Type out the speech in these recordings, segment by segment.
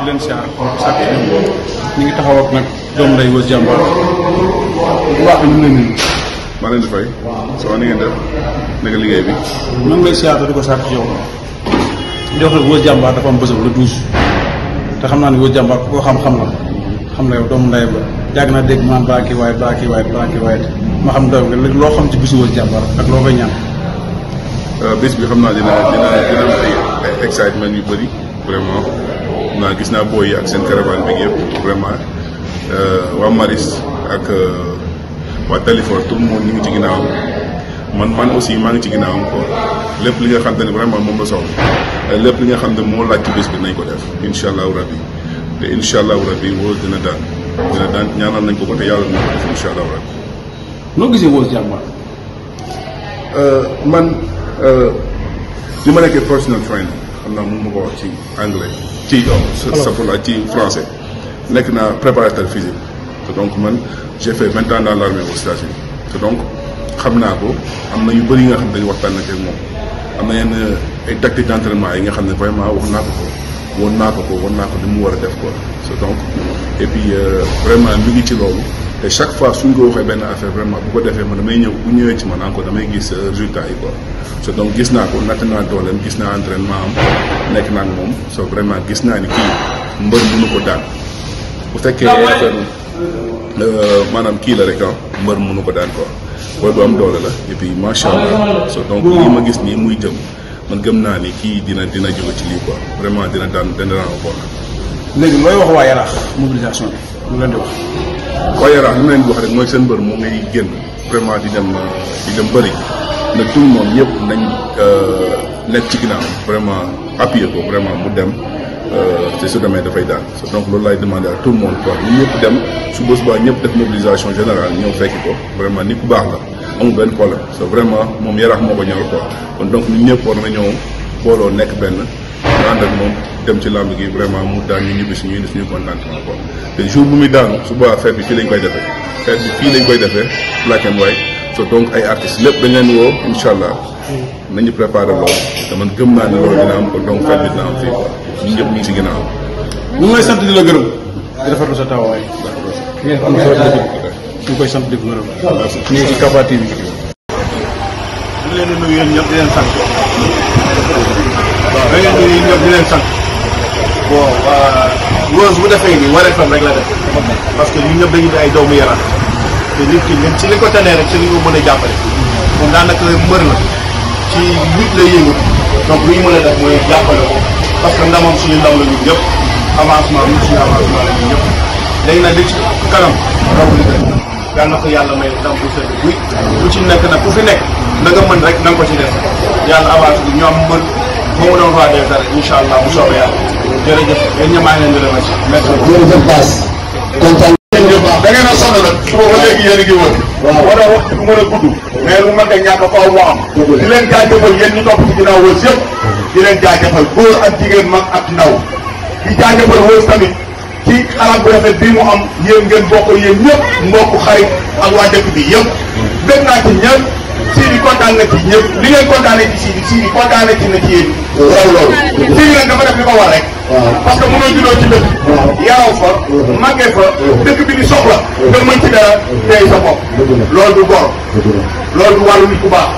di leen siyaar sàkk seen bopp ñu ngi taxaw ak nag doom day was jàmbaar ñu ngi leen ma leen di fay ni ngeen def naka liggéey bi ñu ngi lay siyaar di ko ci yow di wax nag was jàmbaar am bésam le douze te xam naa ne was ko xam-xam la xam na yow doomu ndey ba yàgg baaki baaki baaki ma xam nga xam ci ak ñaan bis bi xam naa dina dina dina am eh, ay excitement yu bëri vraiment naa gis naa yi ak seen caravane bi yëpp vraiment euh, waa maris ak euh, waa talifor tout le monde ñu ngi ci ginnaawam man man aussi maa ngi ci ginnaawam quoi lépp li nga xam ne vraiment moom la soxla lépp li nga xam ne moo laaj ci bis bi nañ ko def incha allahu rabi te incha allahu rabi wóor dina daan dina daan ñaanal nañ ko ko te yàlla na ko def incha allahu rabi noo gisee wóor jàmbaar euh, man bi ma nekkee personal trainer xam naa mun ma ko wax ci anglais ci sapeur-pompier français nekk naa préparateur physique te donc man j'ai fait 20 ans dans l'armée aux États-Unis te donc xam naa ko am na yu bëri nga xam ne dañu waxtaan ak moom am na yenn ay tactiques d'entraînement yi nga xam ne vraiment wax naa ko ko won naa ko ko won naa ko li mu war a def quoi so donc et puis euh, vraiment ñu ngi ci loolu te chaque fois suñ ko waxee benn affaire vraiment bu ko defee man damay ñëw bu ñëwee ci man encore damay gis euh, résultat yi quoi so donc gis naa ko natt naa dooleem gis naa entraînement am nekk naa ak moom so vraiment gis naa ni kii mbër mënu ko daan bu fekkee euh, maanaam kii la rek ah, mbër mu mënu ko daan ko booy bu am doole la et puis macha allah so donc lii ma gis nii muy jëm. man gëm naa ni kii dina dina jóge ci lii quoi vraiment dina daan dana daan ko léegi looy wax waa yaraax mobilisation bi lu leen di wax waa yaraax li ma leen di wax rek mooy seen mbër moo ngay génn vraiment di ya, dem di eh, dem bëri na tout le monde ñëpp nañ nekk ci ginnaaw vraiment appuyer ko vraiment mu dem te su demee dafay daan donc loolu laay demandé à tout le monde quoi ñëpp dem su bés ba ñëpp def mobilisation générale ñëw fekk ko vraiment ni ku baax la amul ben problème so vraiment moom yaraax moo ko ñëwal quoi kon donc ñun ñëpp war na ñëw booloo nekk benn ñu ànd ak moom dem ci lamb gi vraiment mu daan ñu ñibbi suñu indi suñu contentement quoi te jour bu muy daanu suba fête bi fii lañ koy defee fête bi fii lañ koy defee plaquem waay so donc ay artistes lépp dañ leen woo incha allah nañu préparé loolu te man gëm naa ne loolu dina am ko donc fête bi dina am fii quoi ñun ñu ngi si ñu ngi sant di la gërëm di rafetlu sa taxawaay. koy sant di leen di yëpp yéen ñëpp leen sant. waaw bu defee nii wareefam rek la def. parce que ñun ñëpp ay doomu Yaraax. te nit ki même ci li ko tenee rek ci li ko mën a jàppale. moom daanaka mbër la. ci lutte la yëngu. donc lu mën a def mooy jàppale ko. parce que ndamam si ndam la ñun ñëpp. avancement bi suñu la ñun ñëpp. nag kanam yàlla na ko yàlla may ndam bu sedd nekk nag ku fi nekk na nga mën rek na ko ci def yàlla avance bi ñu am mën ba mu doon roi des arènes incha allah bu soobee yàlla jërëjëf yéen ñëpp maa da a sonn nag ba léegi yéen a ngi wër a wax ci bu mën a gudd mais lu a ñàkk faaw moo am di leen jaajëfal yéen ñu topp ci ginnaaw wës yëpp di leen jaajëfal góor ak jigéen mag ak ndaw di jaajëfal wës tamit ci xalaat bu rafet bii mu am yéen ngeen bokk yéen ñëpp mbokk xarit ak waa dëkk bi yëpp. bëgg naa ci ñëpp Sidi kontaan na ci ñëpp li ngeen kontaanee ci Sidi Sidi kontaan na ci na ci yéen. raw loolu. Sidi nag dafa def li ko war rek. parce que mënoo juddoo ci dëkk. yaroo fa. màggee fa dëkk bi di soxla. nga mën ci dara tey sa bopp. loolu du gor. loolu du wàllu nit ku baax.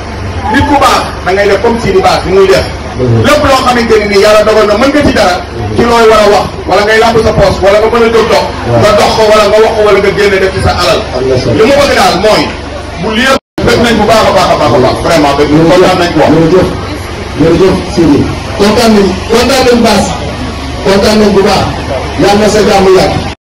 nit ku baax da def comme Sidi baax ni muy def. lépp loo xamante ni nii yàlla dogal na mën nga ci dara ci looy war a wax wala ngay làmb sa poos wala nga mën a jóg dox nga dox ko nga wax ko wala génne def ci sa alal li mu bëgg a mooy bu lii bëgg nañ bu baax a baax a baax a baax vraiment nañ bu baax yàlla na sa jàmm yàgg